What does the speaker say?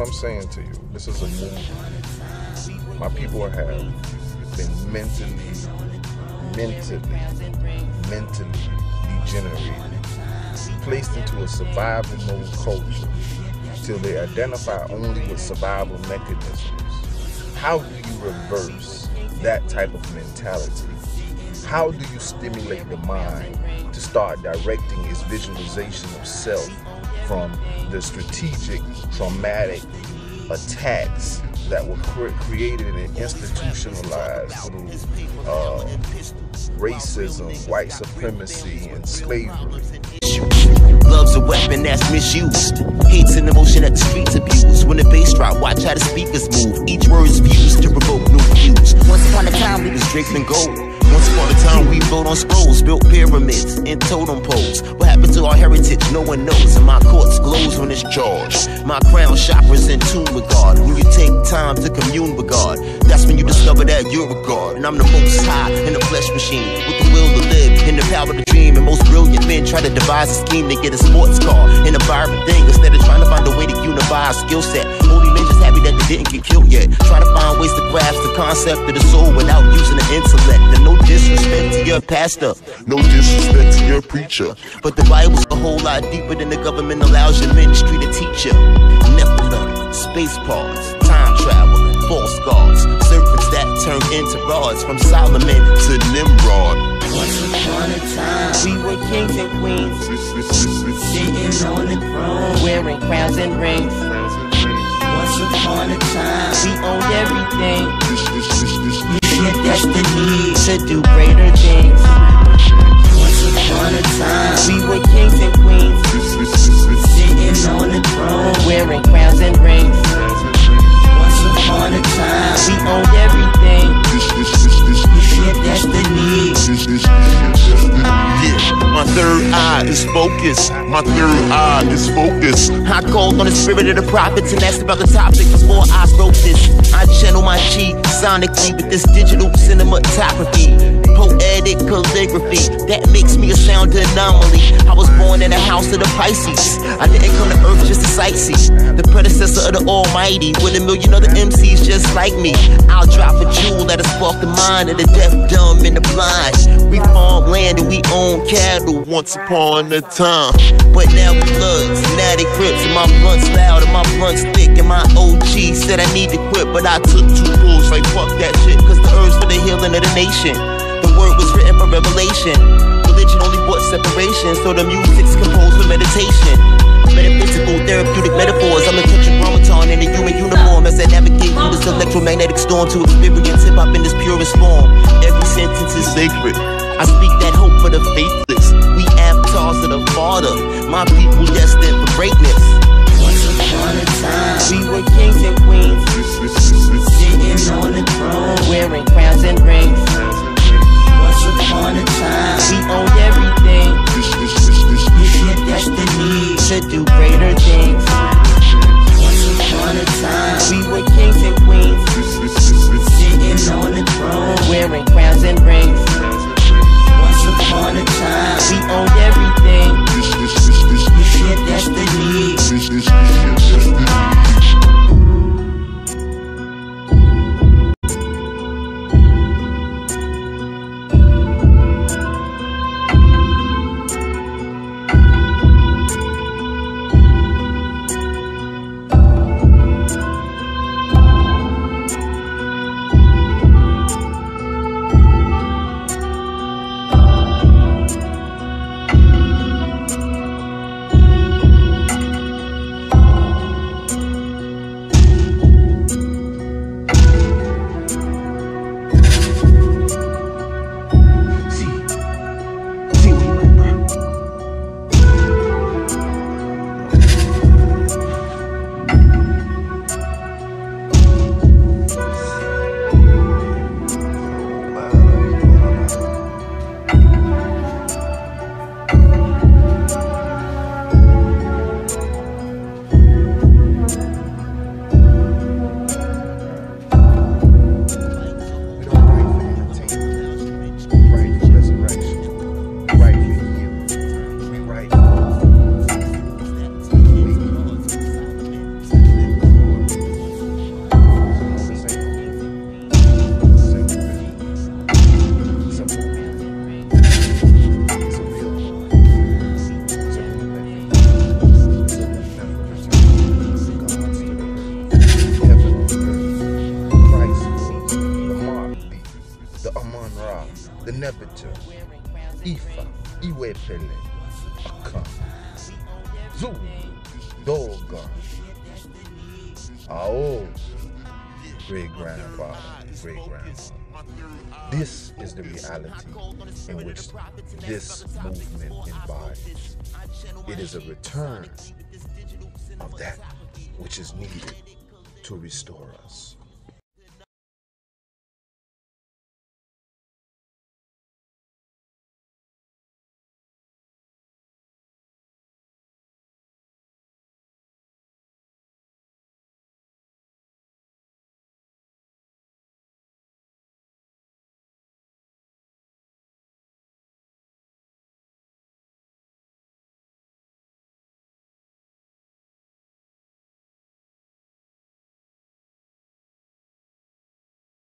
what I'm saying to you. This is a movie. My people have been mentally, mentally, mentally degenerated, placed into a survival mode culture till they identify only with survival mechanisms. How do you reverse that type of mentality? How do you stimulate the mind to start directing its visualization of self from the strategic traumatic attacks that were cre- created and institutionalized through uh, racism, white supremacy, and slavery. Love's a weapon that's misused. Hate's an emotion that the streets abuse. When the bass drop, watch how the speakers move. Each word's fused to provoke new views. Once upon a time, we was draped in gold. Once upon a time, we built on scrolls, built pyramids and totem poles. What happened to our heritage? No one knows. And my courts glows when it's charged. My crown chakra's in tune with God. When you take time to commune with God, that's when you discover that you're a God. And I'm the most high in the flesh machine with the will to live and the power to dream. And most brilliant men try to devise a scheme to get a sports car and a vibrant thing instead of trying to find a way to unify a skill set. Holy that that didn't get killed yet. Try to find ways to grasp the concept of the soul without using the intellect. And no disrespect to your pastor, no disrespect to your preacher. But the Bible's a whole lot deeper than the government allows your ministry to teach you. Nephilim, space pods, time travel, false gods, serpents that turn into rods from Solomon to Nimrod. Once upon a time, we were kings and queens, sitting on the throne, wearing crowns and rings. We own everything. We your destiny to do greater things. is focused. My third eye is focused. I called on the spirit of the prophets and asked about the topic before I wrote this. I channel my chi sonically with this digital cinematography. Poetic calligraphy that makes me a sound anomaly. I was born in the house of the Pisces. I didn't come to earth just to sightsee. The predecessor of the Almighty, with a million other MCs just like me. I'll drop a jewel that'll spark the mind of the deaf, dumb, and the blind. We farm land and we own cattle once upon a time. But now we thugs, now they crips, and my blunt's loud and my blunt's thick. And my OG said I need to quit, but I took too like fuck that shit, cause the urge for the healing of the nation. The word was written for revelation. Religion only brought separation, so the music's composed with meditation. Metaphysical, therapeutic metaphors. I'm a touching grammaton in a human uniform as I navigate through this electromagnetic storm to experience hip hop in its purest form. Every sentence is sacred. I speak that hope for the faithless. We avatars of the Father. My people destined for greatness. Once upon a time, we were kings and queens being on The Gnebita, Ifa, Iwepele, Aka, Zulu, Doga, Ao, great grandfather, great grandfather. This is the reality in which this movement embodies. It is a return of that which is needed to restore us.